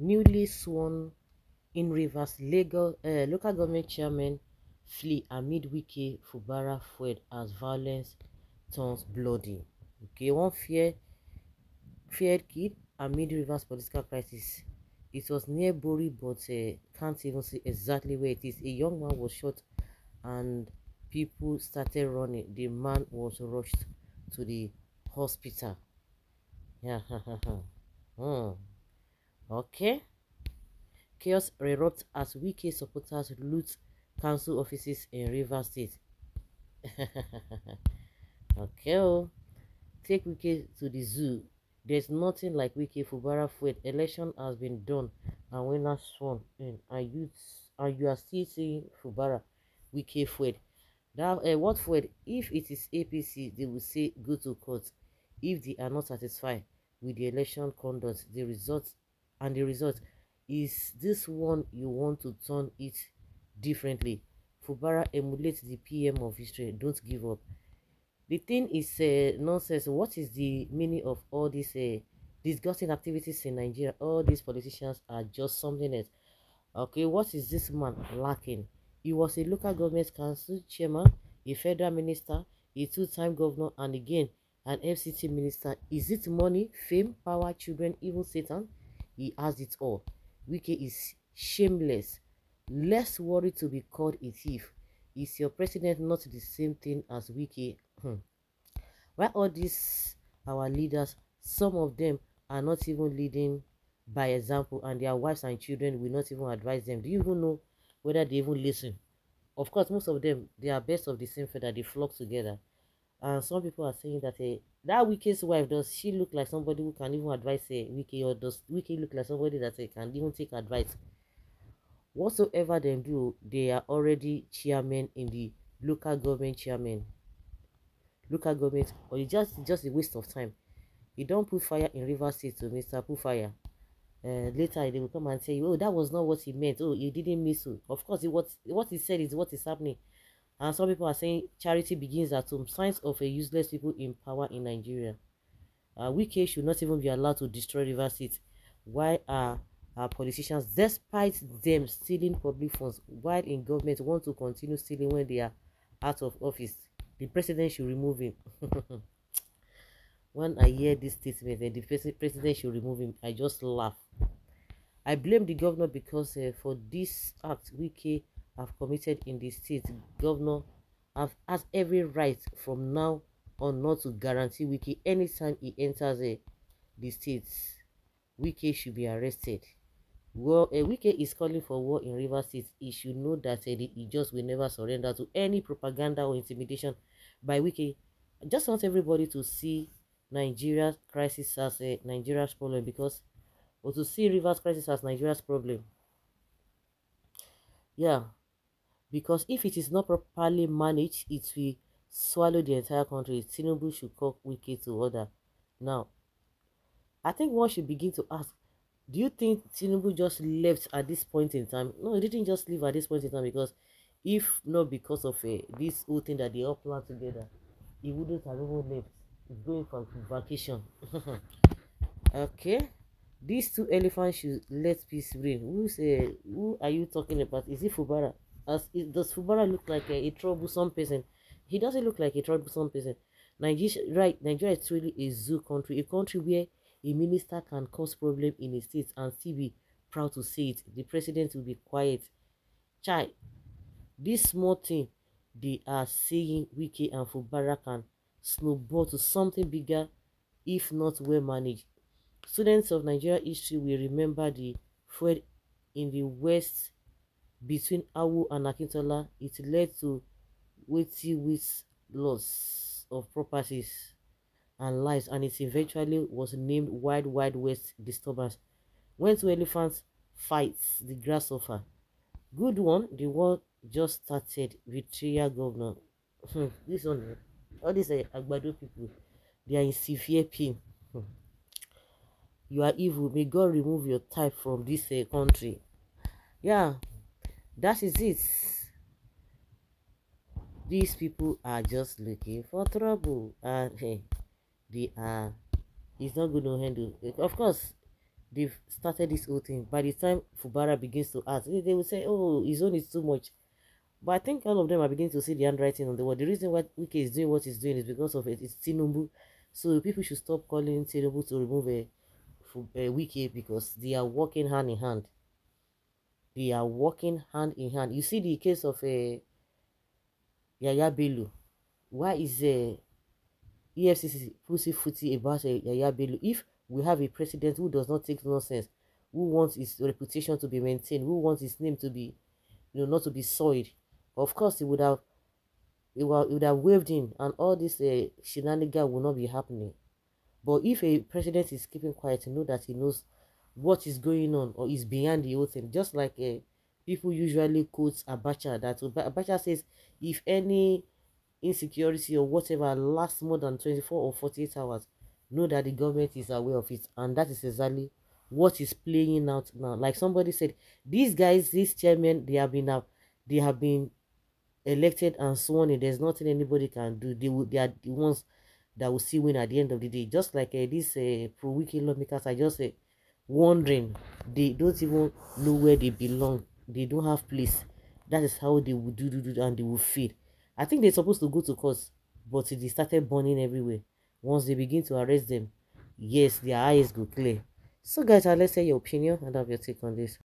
newly sworn in Rivers legal, uh, local government chairman flee amid Wike Fubara fueled as violence turns bloody. Okay, one fear, feared kid amid Rivers political crisis. It was near Bori, but uh, can't even see exactly where it is. A young man was shot and people started running. The man was rushed to the hospital. Yeah, ha, hmm. Okay? Chaos erupts as Wike supporters loot council offices in Rivers State. okay, oh. Take Wike to the zoo. There's nothing like Wike Fubara Fuet. Election has been done and winners sworn in. are you, and you are still seeing Fubara Wike Fuet. Now, uh, what Fuet, if it is APC, they will say go to court if they are not satisfied with the election conduct. The results and the result is this one you want to turn it differently fubara emulate the pm of history don't give up the thing is uh, nonsense what is the meaning of all these uh, disgusting activities in nigeria all these politicians are just something else okay what is this man lacking he was a local government council chairman a federal minister a two-time governor and again an fct minister is it money fame power children evil, satan He has it all. Wike is shameless. Less worried to be called a thief. Is your president not the same thing as Wike? Hmm. Why all these our leaders, some of them are not even leading by example, and their wives and children will not even advise them. Do you even know whether they even listen? Of course, most of them they are best of the same feather, they flock together. And some people are saying that a eh, that Wike's wife does she look like somebody who can even advise a Wike or does Wike look like somebody that uh, can even take advice? Whatsoever they do, they are already chairman in the local government chairman. Local government or it's just just a waste of time. You don't put fire in River State to Mr. Put fire. Uh, eh, later they will come and say oh, that was not what he meant. Oh, you didn't miss. It. Oh, of course, it, what what he said is what is happening. And some people are saying charity begins at home, signs of a useless people in power in Nigeria. Uh, Wike should not even be allowed to destroy River State. Why are our politicians, despite them stealing public funds, while in government want to continue stealing when they are out of office? The president should remove him. when I hear this statement, then the president should remove him. I just laugh. I blame the governor because uh, for this act, Wike have committed in the state, governor have, has every right from now on not to guarantee Wiki anytime he enters uh, the state. Wiki should be arrested. Well, uh, Wike is calling for war in River State. He should know that uh, eh, the Ijos will never surrender to any propaganda or intimidation by Wike. I just want everybody to see Nigeria's crisis as a Nigeria's problem because, or to see River's crisis as Nigeria's problem. Yeah, because if it is not properly managed, it will swallow the entire country. Tinubu should call Wike to order. Now, I think one should begin to ask, do you think Tinubu just left at this point in time? No, he didn't just leave at this point in time because if not because of uh, this whole thing that they all planned together, he wouldn't have even left. He's going for vacation. okay. These two elephants should let peace reign. Who's uh, who are you talking about? Is it Fubara? As it, does Fubara look like a, a, troublesome person? He doesn't look like a troublesome person. Nigeria, right? Nigeria is really a zoo country, a country where a minister can cause problem in a state and still be proud to say it. The president will be quiet. Chai, this small thing they are saying Wiki and Fubara can snowball to something bigger if not well managed. Students of Nigeria history will remember the flood in the West between Awu and Akintola, it led to weighty with loss of properties and lives, and it eventually was named Wild Wild West Disturbance. When two elephants fights the grasshopper, good one, the war just started. with Victoria governor, hmm, this one, eh? all these uh, Agbado people, they are in severe pain. Hmm. you are evil. May God remove your type from this uh, country. Yeah that is it these people are just looking for trouble and hey, they are it's not going to handle of course they've started this whole thing by the time fubara begins to ask they will say oh his own is too much but i think all of them are beginning to see the handwriting on the wall the reason why Wiki is doing what he's doing is because of it it's tinubu so people should stop calling tinubu to remove a, a wiki because they are working hand in hand we are working hand in hand you see the case of uh, Yaya Bello why is uh, eh, EFCC pussyfooty about uh, Yaya Bello if we have a president who does not take nonsense who wants his reputation to be maintained who wants his name to be you know not to be soiled of course he would have he would, have waved him and all this uh, shenanigans would not be happening but if a president is keeping quiet know that he knows what is going on or is behind the whole thing. Just like uh, people usually quotes Abacha that oh, Abacha says if any insecurity or whatever lasts more than 24 or 48 hours, know that the government is aware of it. And that is exactly what is playing out now. Like somebody said, these guys, these chairmen, they have been up, they have been elected and sworn in. There's nothing anybody can do. They will, they are the ones that will see win at the end of the day. Just like uh, eh, these uh, pro-weekend lawmakers, I just say. Uh, eh, wandering they don't even know where they belong they don't have place that is how they will do do do and they will feed. i think they're supposed to go to court but they started burning everywhere once they begin to arrest them yes their eyes go clear so guys i'll let's hear your opinion and have your take on this